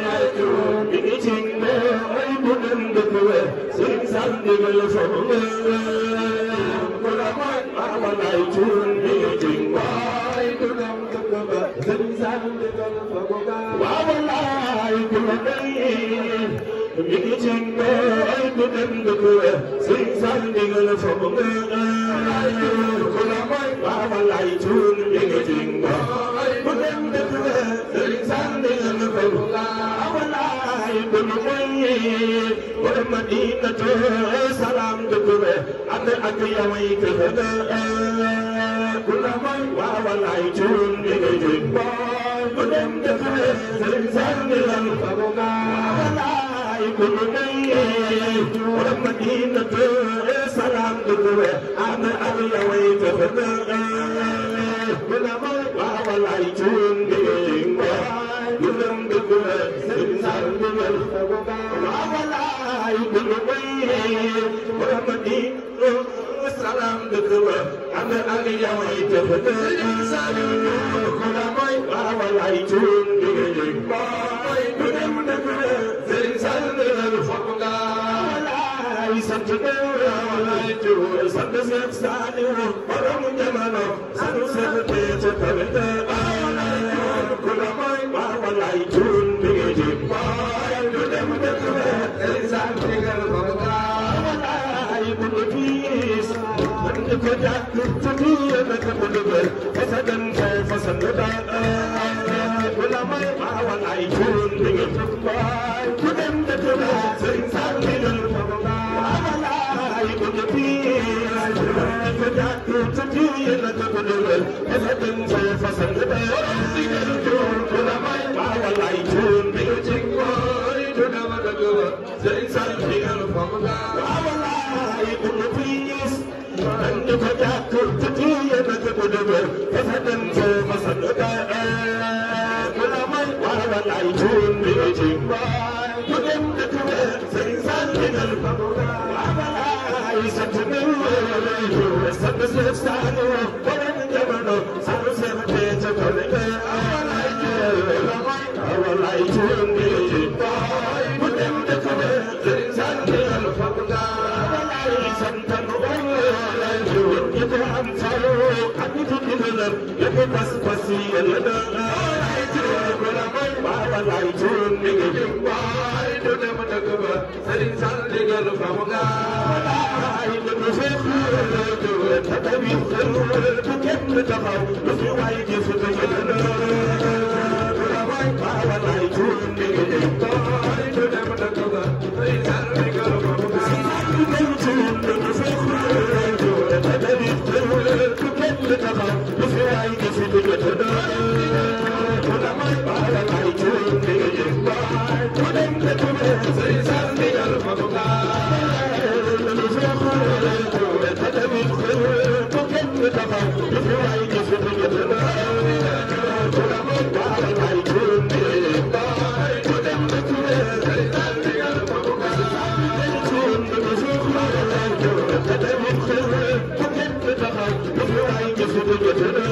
hayatu di ngi ci mbéy ay mboolem dëkk weer Serigne Sam ndigal la fa mu ngeen ko la mooy ak walaay tuun di ngi ci mbéy ku dem dëkk ba Serigne Sam ndigal fa ko gaa waa walaay ku la ngeen di ngi ci mbéy ay mboolem dëkk weer Serigne Sam ndigal la fa mu ngeen ko la mooy ak walaay tuun di ngi ci mbéy سر الخلا والعيب المغيب والمدينة سلام دكوبة أن أكيا ويك هدا كل ما والعي جون بيجيب ودم دكوبة سر الخلا والعيب المغيب والمدينة سلام دكوبة أن أكيا ويك هدا salaam dëkk ba ànd ak jamay tëfët saliw ku la mooy waa walaay tuun di nga jëg booy ku dem dëkk ba sëriñ sàll foog nga walaay sant dem walaay tuun sant seet saliw borom jamono sant seet te ca tawete نداء نرتدي ونتمنبر فسدا فوق سنداء ولا ما يبقى ولا يكون بجد الله كدم تتبع سنسان من الفضلاء ولا يكون فيه نداء نرتدي ونتمنبر فسدا فوق سنداء ولا ما يبقى ولا يكون بجد الله كدم تتبع سنسان من الفضلاء ولا يكون فيه di ko jàppul ci tiye na ci bu dëgër dafa dem soo ma sa dëgga ku la may waa walaay tuun bi ci mbaay ku dem dëkk weer sëñ fa mu waa walaay sa tënëw walaay tuun sa bësëf sànni wa borom sa bësëf tee ca lallan ya fi kwaskwasi yallada Baba laitun ni ga jimba ido da mata gaba sarin san daga rufa muga ai da nufi da ta tabi sarwa ta kenta ta bau nufi wai ke su ta yallada jëfandikoo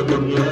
الدنيا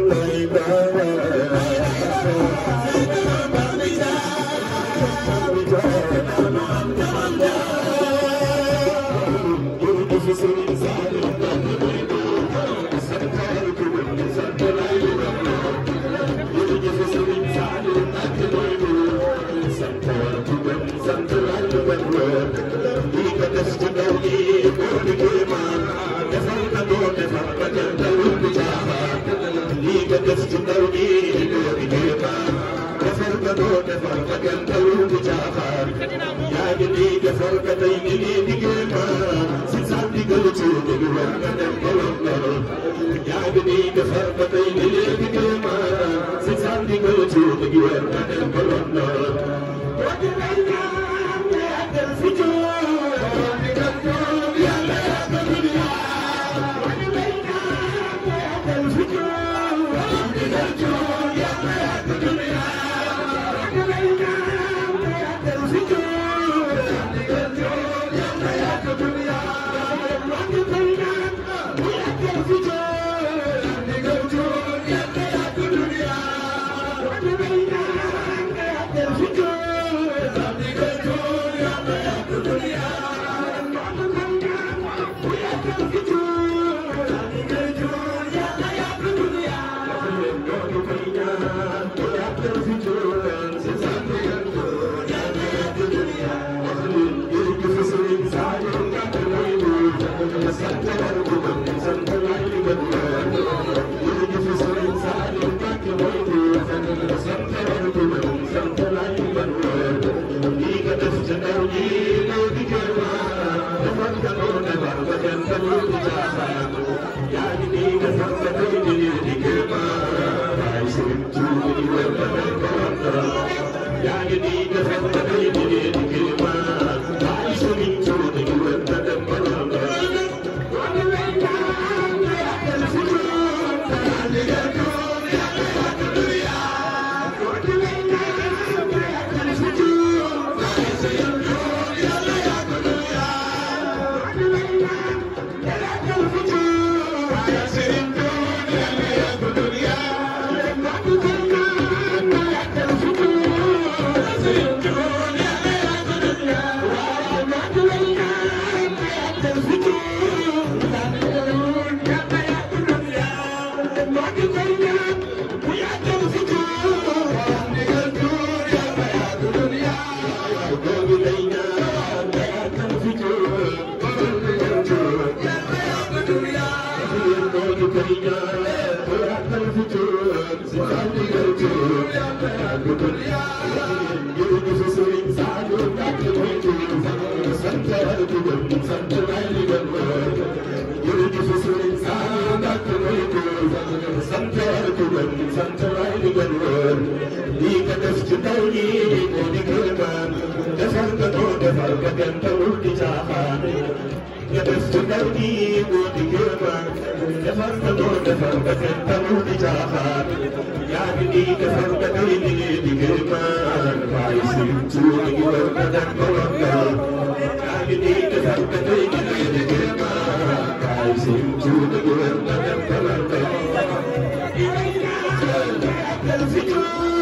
والعباد tey ñu ngi diggee si saa digal ci dëgg war nga dem ba war nga yaa ngi nii defar ba tey ñu ngi diggee ma si saa digal ci war nga dem war nga yaa ngi nii jantawul di caaxaan nga def ci ndaw nii boo di gërëmaan defar nga boo defar nga jantawul di caaxaan yaa ngi nii defar nga day liggéey di gërëmaan waaye si suuna gi war nga dem ba wangal yaa ngi nii defar nga day liggéey di gërëmaan waaye si suuna gi war nga dem ba wangal.